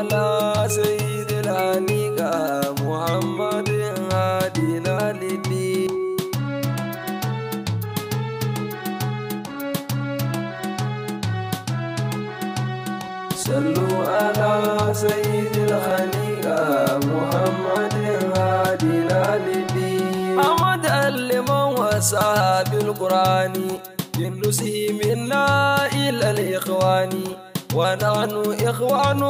على سيد الأنيقة محمد هادي للدين صلوا على سيد الخليقة محمد هادي للدين أمد لمن القرآن بالقرآن جنسه منا إلى الإخواني ونحن إخوان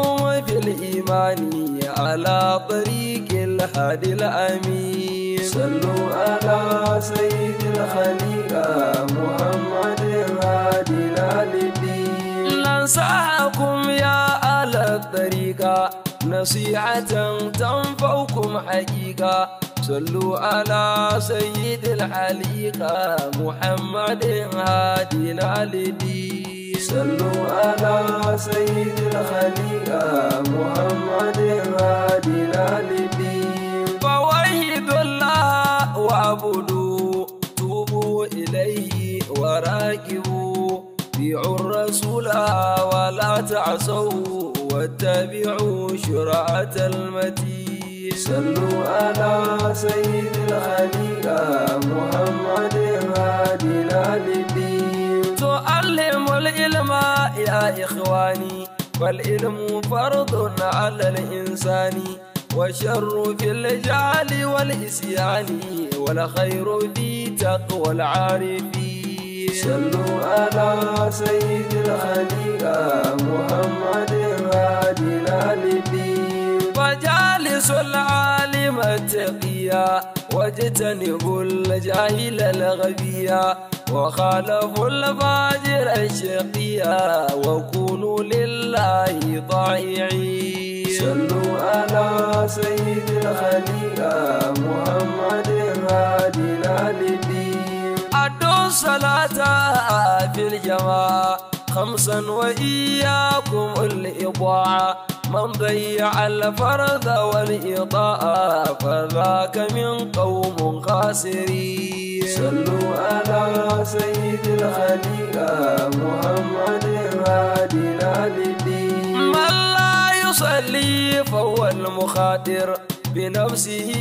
في الإيمان على طريق الهادي الأمين صلوا على سيد الخليقة محمد الهادي للدين ننصحكم يا أهل الطريقة نصيحة تنفعكم حقيقة صلوا على سيد الحليقة محمد هادي للدين صلوا على سيد الخليقة محمد الهادي الهادي فوحد الله واعبدوا توبوا إليه وراكبوا بيعوا الرسول ولا تعصوا واتبعوا شرعة المتين صلوا على سيد الخليقة محمد الهادي الهادي وعلموا العلم يا إخواني والعلم فرض على الإنسان والشر في الجعل والإسيان والخير في تقوى العارفين صلوا على سيد الخليقة محمد الهادي الألفين فجالس العالم التقيا واجتنبوا الجاهل الغبيا وخالفوا الفاجر الشقيا وكونوا لله ضائعين صلوا على سيد الخليقة محمد الهادي للدين أدوا صلاة في الجماعة خمسا وإياكم الإطاعة من ضيع الفرد والإضاءة فذاك من قوم خاسرين صلوا على سيد الخليقة محمد هادنا للدين من لا يصلي فهو المخاطر بنفسه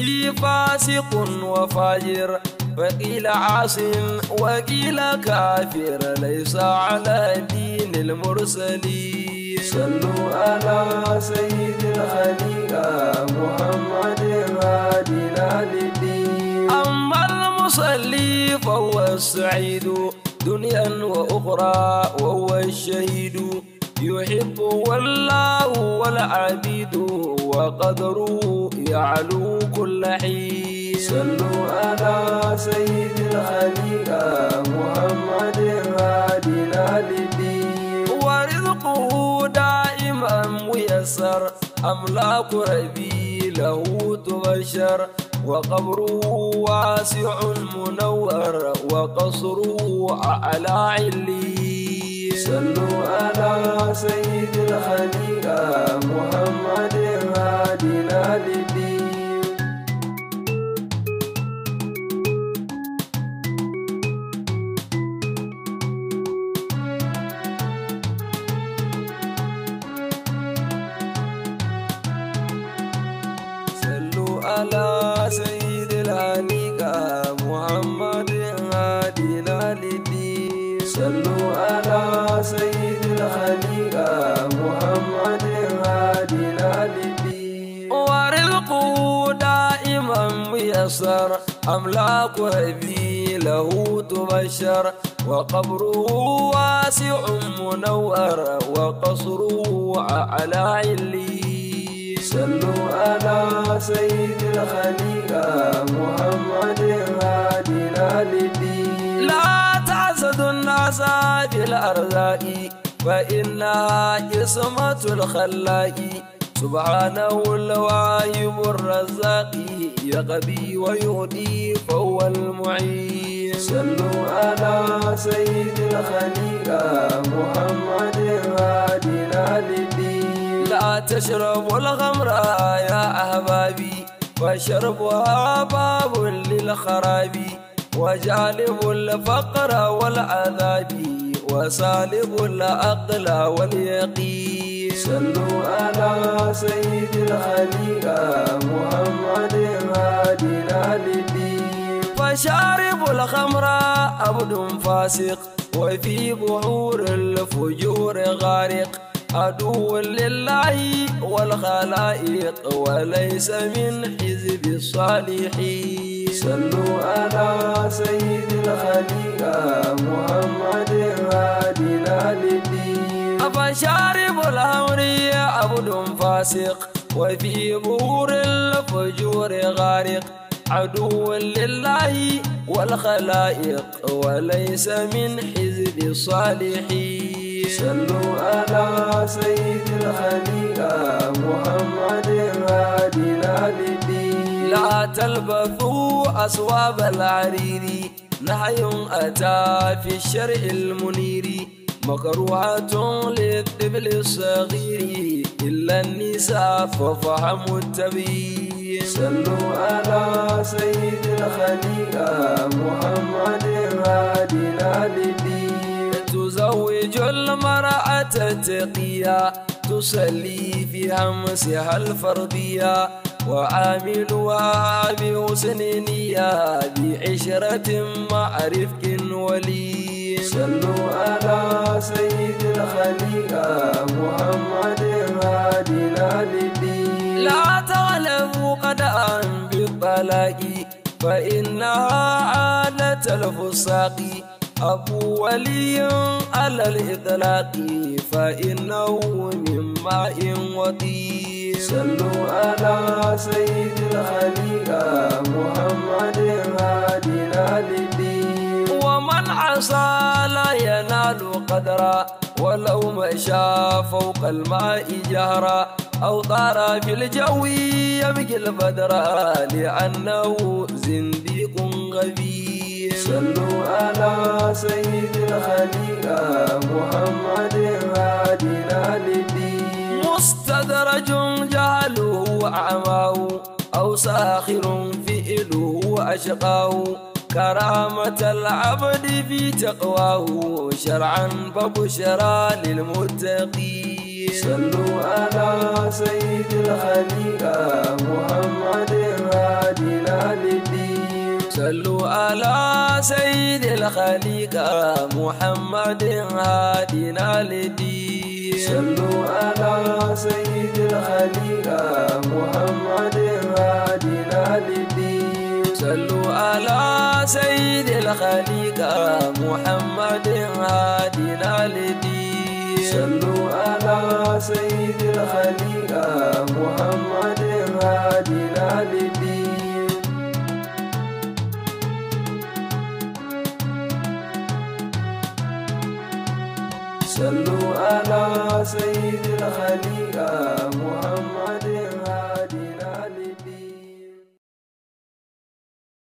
فاسق وفاجر فقيل عاص وقيل كافر ليس على دين المرسلين صلوا على سيد الخليقة محمد الهادي للدين أما المصلي فهو السعيد دنيا وأخرى وهو الشهيد يحبه الله والعبيد وقدره يعلو كل حين صلوا على سيد الخليقة محمد الهادي للدين ملكه دائما ميسر أملاك ربي له تبشر وقبره واسع منور وقصره أعلى علي صلوا على سيد الخليقة محمد الهادي للدين صلوا على سيد الخليقة محمد هادي الحبيب ورزقه دائما ميسر أملاك وذي له تبشر وقبره واسع منور وقصره على علي صلوا على سيد الخليقة محمد هادي الحبيب أرض الناس بالأرزاق فإنها اسمة الخلاق سبحانه الواهب الرزاق يغبي ويهدي فهو المعين صلوا على سيد الخليقة محمد هادنا للدين لا تشربوا الغمر يا أحبابي وشربها باب للخرابي وجالب الفقر والعذاب وسالب العقل واليقين صلوا على سيد الخليقة محمد هادي الدين فشارب الخمر عبد فاسق وفي بحور الفجور غارق عدو لله والخلائق وليس من حزب الصالحين صلوا على سيد الخليقة محمد الهادي أبا شارب الهوري عبد فاسق وفي بور الفجور غارق عدو لله والخلائق وليس من حزب الصالحين صلوا على سيد الخليقة محمد تلبثوا أصواب العرير نحي أتى في الشرع المنير مكروهة للطفل الصغير إلا النساء ففهم التبين صلوا على سيد الخليقة محمد الهادي للدين تزوج المرأة التقية تصلي في همسها الفردية وعامل وبحسن نية بعشرة مع رفق ولي صلوا على سيد الخليقة محمد هادي للدين لا قد أن بالطلاق فإنها عادة الفساق أبو ولي على الإطلاق فإنه من ماء ودين صلوا على سيد الخليقة محمد هادي للدين ومن عصى لا ينال قدرا ولو مشى فوق الماء جهرا أو طار في الجو يبقي البدر لأنه زنديق غبي صلوا على سيد الخليقة محمد هادنا للدين مستدرج جهله أعماه أو ساخر فئله أشقاه كرامة العبد في تقواه شرعا فبشرى للمتقين صلوا على سيد الخليقة محمد هادنا للدين صلوا على سيد الخليقة محمد هادنا لدين صلوا على سيد الخليقة محمد هادنا لدين صلوا على سيد الخليقة محمد هادنا لدين صلوا على سيد الخليقة محمد هادنا لدين صلوا على سيد الخليقة محمد